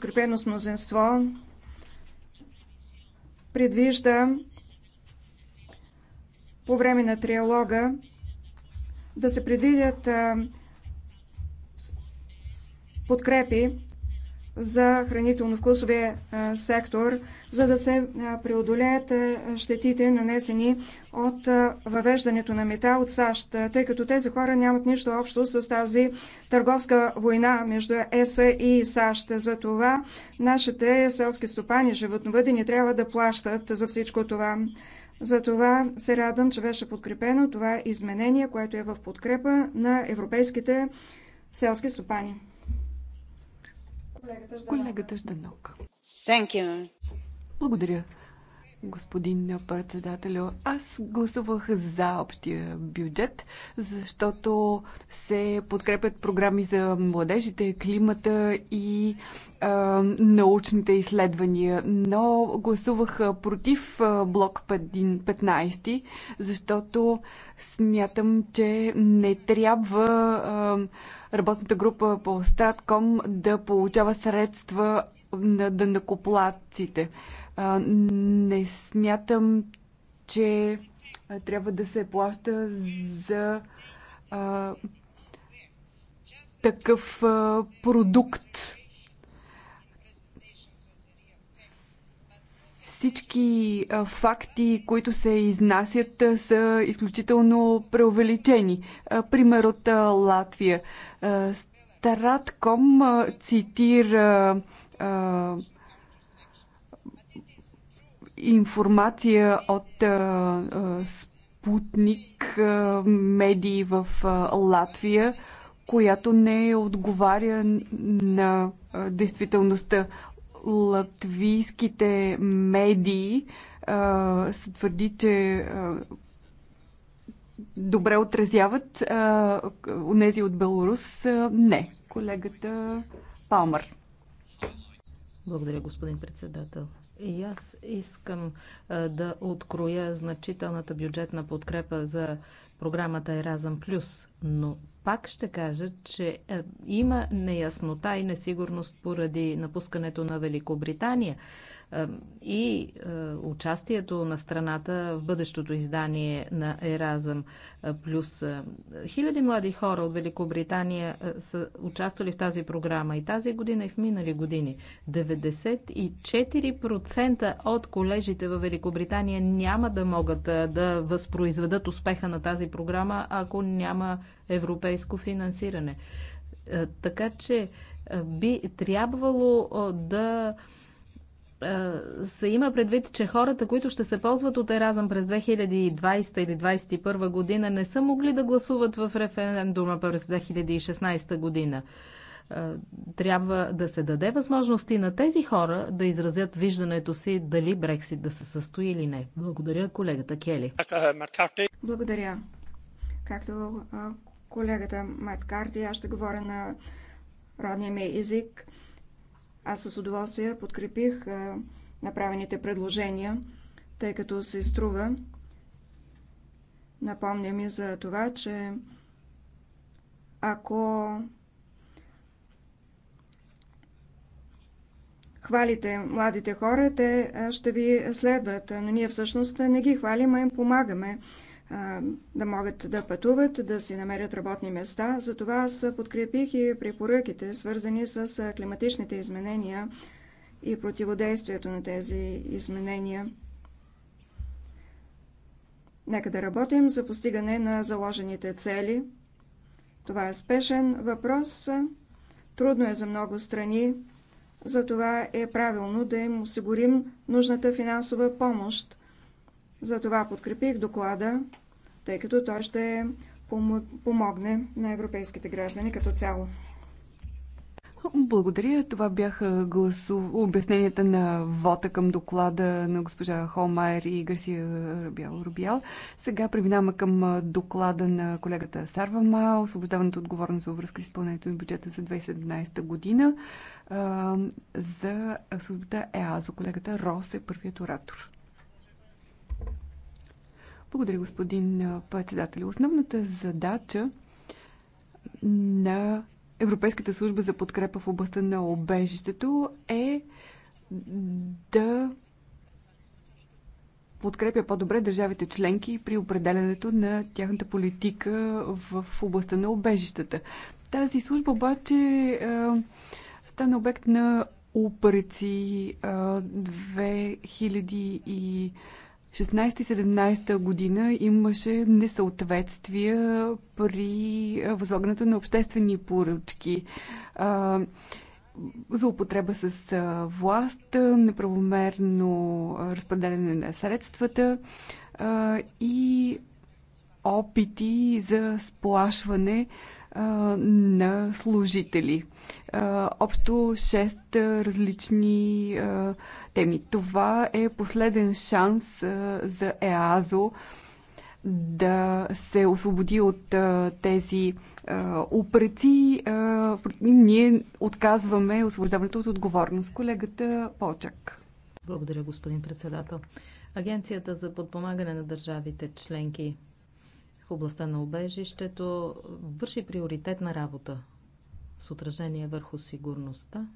подкрепено с мнозинство, предвижда по време на триалога да се предвидят подкрепи за хранително-вкусовия сектор, за да се преодолеят щетите нанесени от въвеждането на мета от САЩ, тъй като тези хора нямат нищо общо с тази търговска война между ЕС и САЩ. За това нашите селски стопани, животновъди не трябва да плащат за всичко това. За това се радвам, че беше подкрепено това изменение, което е в подкрепа на европейските селски стопани. Колегата Жданок. Благодаря, господин председателю. Аз гласувах за общия бюджет, защото се подкрепят програми за младежите, климата и а, научните изследвания, но гласувах против блок 15, защото смятам, че не трябва а, работната група по Стратком да получава средства на дънакоплатците. Не смятам, че трябва да се плаща за а, такъв а, продукт. всички факти, които се изнасят, са изключително преувеличени. Пример от Латвия. Старатком цитира информация от Спутник медии в Латвия, която не отговаря на действителността латвийските медии а, се твърди, че а, добре отразяват унези от Беларус. А, не, колегата Палмър. Благодаря, господин председател. И аз искам а, да откроя значителната бюджетна подкрепа за програмата Еразъм Плюс, но пак ще кажа, че е, има неяснота и несигурност поради напускането на Великобритания и участието на страната в бъдещото издание на Еразъм плюс. Хиляди млади хора от Великобритания са участвали в тази програма и тази година и в минали години. 94% от колежите в Великобритания няма да могат да възпроизведат успеха на тази програма, ако няма европейско финансиране. Така че би трябвало да е, се има предвид, че хората, които ще се ползват от Еразъм през 2020 или 2021 година, не са могли да гласуват в референдума през 2016 година. Е, трябва да се даде възможности на тези хора да изразят виждането си дали Брексит да се състои или не. Благодаря колегата Кели. Благодаря. Както колегата Маткарти, аз ще говоря на родния ми език. Аз с удоволствие подкрепих направените предложения, тъй като се струва. Напомня ми за това, че ако хвалите младите хора, те ще ви следват. Но ние всъщност не ги хвалим, а им помагаме да могат да пътуват, да си намерят работни места. Затова аз подкрепих и препоръките, свързани с климатичните изменения и противодействието на тези изменения. Нека да работим за постигане на заложените цели. Това е спешен въпрос. Трудно е за много страни. Затова е правилно да им осигурим нужната финансова помощ. Затова подкрепих доклада, тъй като той ще помогне на европейските граждани като цяло. Благодаря. Това бяха гласу... обясненията на вота към доклада на госпожа Холмайер и Гарсия Рубял. Рубял. Сега преминаваме към доклада на колегата Сарвама, освобождаването отговорност във връзка с изпълнението на бюджета за 2017 година а, за службата за Колегата Рос е първият оратор. Благодаря, господин председател. Основната задача на Европейската служба за подкрепа в областта на обежището е да подкрепя по-добре държавите членки при определенето на тяхната политика в областта на обежищата. Тази служба обаче е, стана обект на упреци е, 2000 и 16-17 година имаше несъответствия при възлагането на обществени поръчки. Злоупотреба с власт, неправомерно разпределяне на средствата и опити за сплашване на служители. Общо 6 различни теми. Това е последен шанс за ЕАЗО да се освободи от тези упреци. ние отказваме освобождаването от отговорност. Колегата Почак. Благодаря, господин председател. Агенцията за подпомагане на държавите членки в областта на убежището върши приоритетна работа с отражение върху сигурността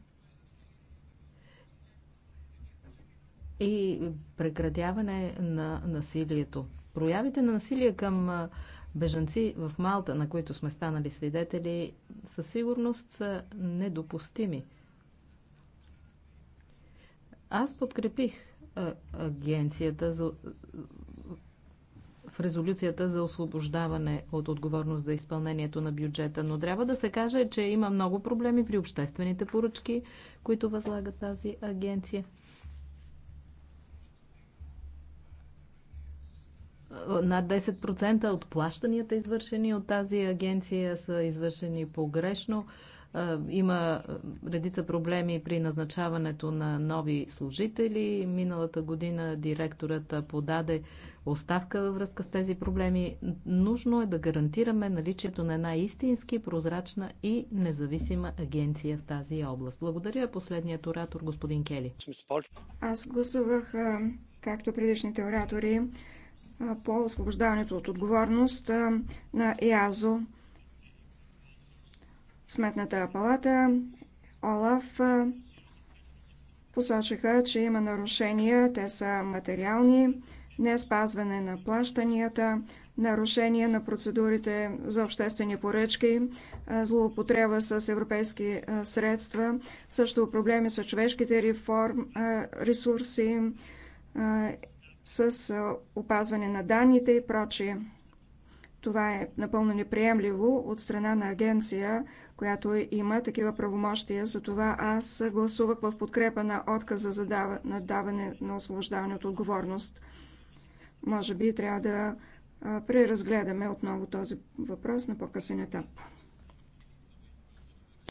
и прекратяване на насилието. Проявите на насилие към бежанци в Малта, на които сме станали свидетели, със сигурност са недопустими. Аз подкрепих агенцията за в резолюцията за освобождаване от отговорност за изпълнението на бюджета, но трябва да се каже, че има много проблеми при обществените поръчки, които възлага тази агенция. Над 10% от плащанията, извършени от тази агенция, са извършени погрешно. Има редица проблеми при назначаването на нови служители. Миналата година директорът подаде оставка във връзка с тези проблеми. Нужно е да гарантираме наличието на една истински прозрачна и независима агенция в тази област. Благодаря последният оратор, господин Кели. Аз гласувах, както предишните оратори, по освобождаването от отговорност на ИАЗО. Сметната палата, ОЛАФ посочиха, че има нарушения, те са материални, не спазване на плащанията, нарушение на процедурите за обществени поръчки, злоупотреба с европейски средства, също проблеми с човешките реформ, ресурси, с опазване на данните и прочие. Това е напълно неприемливо от страна на агенция, която има такива правомощия. Затова аз гласувах в подкрепа на отказа за даване на освобождаване от отговорност. Може би трябва да преразгледаме отново този въпрос на по-късен етап.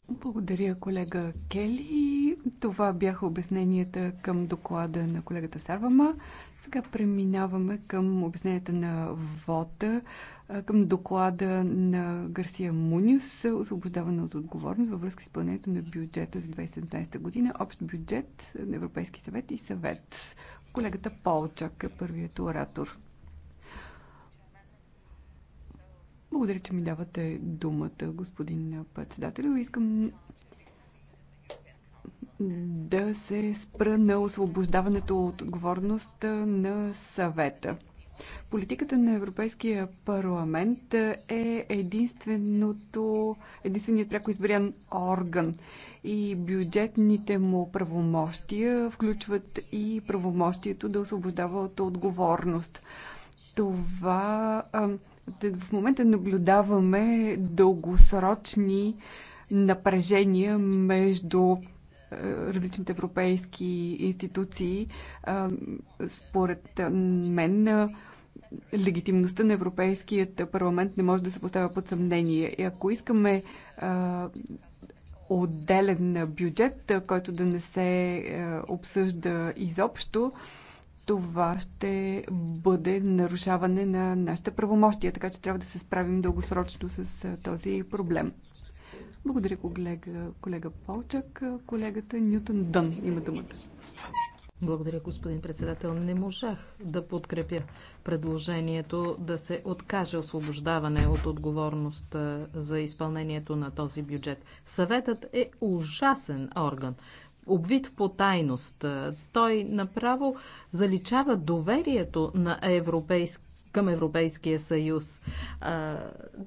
Благодаря, колега Кели. Това бяха обясненията към доклада на колегата Сарвама. Сега преминаваме към обясненията на ВОТА, към доклада на Гарсия Муниус, освобождаване от отговорност във връзка с изпълнението на бюджета за 2017 година, общ бюджет на Европейски съвет и съвет. Колегата Полчак е първият оратор. Благодаря, че ми давате думата, господин председател. Искам да се спра на освобождаването от отговорност на съвета. Политиката на Европейския парламент е единственото, единственият пряко избран орган и бюджетните му правомощия включват и правомощието да освобождава от отговорност. Това в момента наблюдаваме дългосрочни напрежения между различните европейски институции. Според мен легитимността на Европейският парламент не може да се поставя под съмнение. И ако искаме а, отделен бюджет, който да не се а, обсъжда изобщо, това ще бъде нарушаване на нашите правомощия, така че трябва да се справим дългосрочно с а, този проблем. Благодаря колега, колега Полчак. Колегата Нютон Дън има думата. Благодаря, господин председател. Не можах да подкрепя предложението да се откаже освобождаване от отговорност за изпълнението на този бюджет. Съветът е ужасен орган обвит по тайност. Той направо заличава доверието на европейски към Европейския съюз.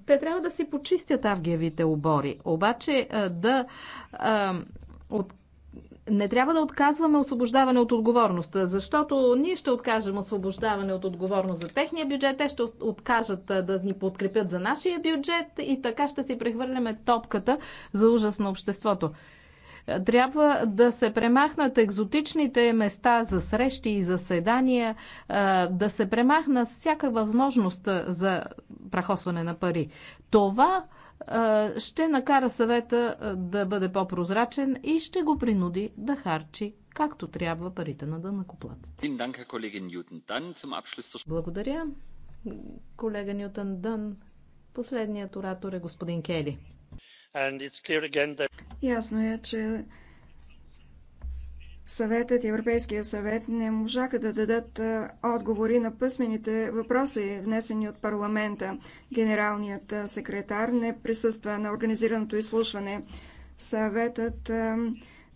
Те трябва да си почистят авгиевите обори, обаче да не трябва да отказваме освобождаване от отговорност, защото ние ще откажем освобождаване от отговорност за техния бюджет, те ще откажат да ни подкрепят за нашия бюджет и така ще си прехвърляме топката за ужас на обществото. Трябва да се премахнат екзотичните места за срещи и заседания, да се премахна всяка възможност за прахосване на пари. Това ще накара съвета да бъде по-прозрачен и ще го принуди да харчи както трябва парите на дънакоплата. Благодаря, колега Ньютон Дън. Последният оратор е господин Кели. That... Ясно е, че съветът и Европейския съвет не можаха да дадат отговори на пъсмените въпроси, внесени от парламента. Генералният секретар не присъства на организираното изслушване. Съветът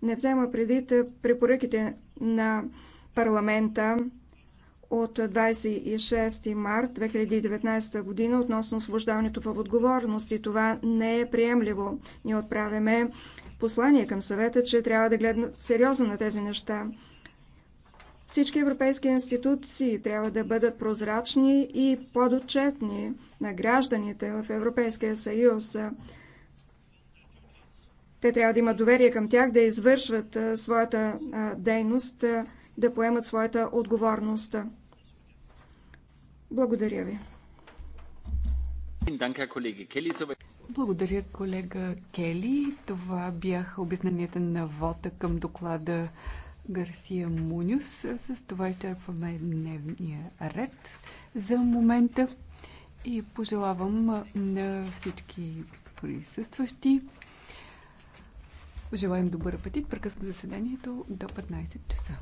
не взема предвид препоръките на парламента от 26 март 2019 година относно освобождаването в отговорност и това не е приемливо. Ние отправяме послание към съвета, че трябва да гледат сериозно на тези неща. Всички европейски институции трябва да бъдат прозрачни и подотчетни на гражданите в Европейския съюз. Те трябва да имат доверие към тях, да извършват своята дейност, да поемат своята отговорност. Благодаря ви. Благодаря, колега Кели. Това бяха обясненията на вота към доклада Гарсия Мунюс. С това изчерпваме дневния ред за момента и пожелавам на всички присъстващи. Желаем добър апетит. Прекъсвам заседанието до 15 часа.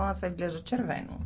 телефона това изглежда червено.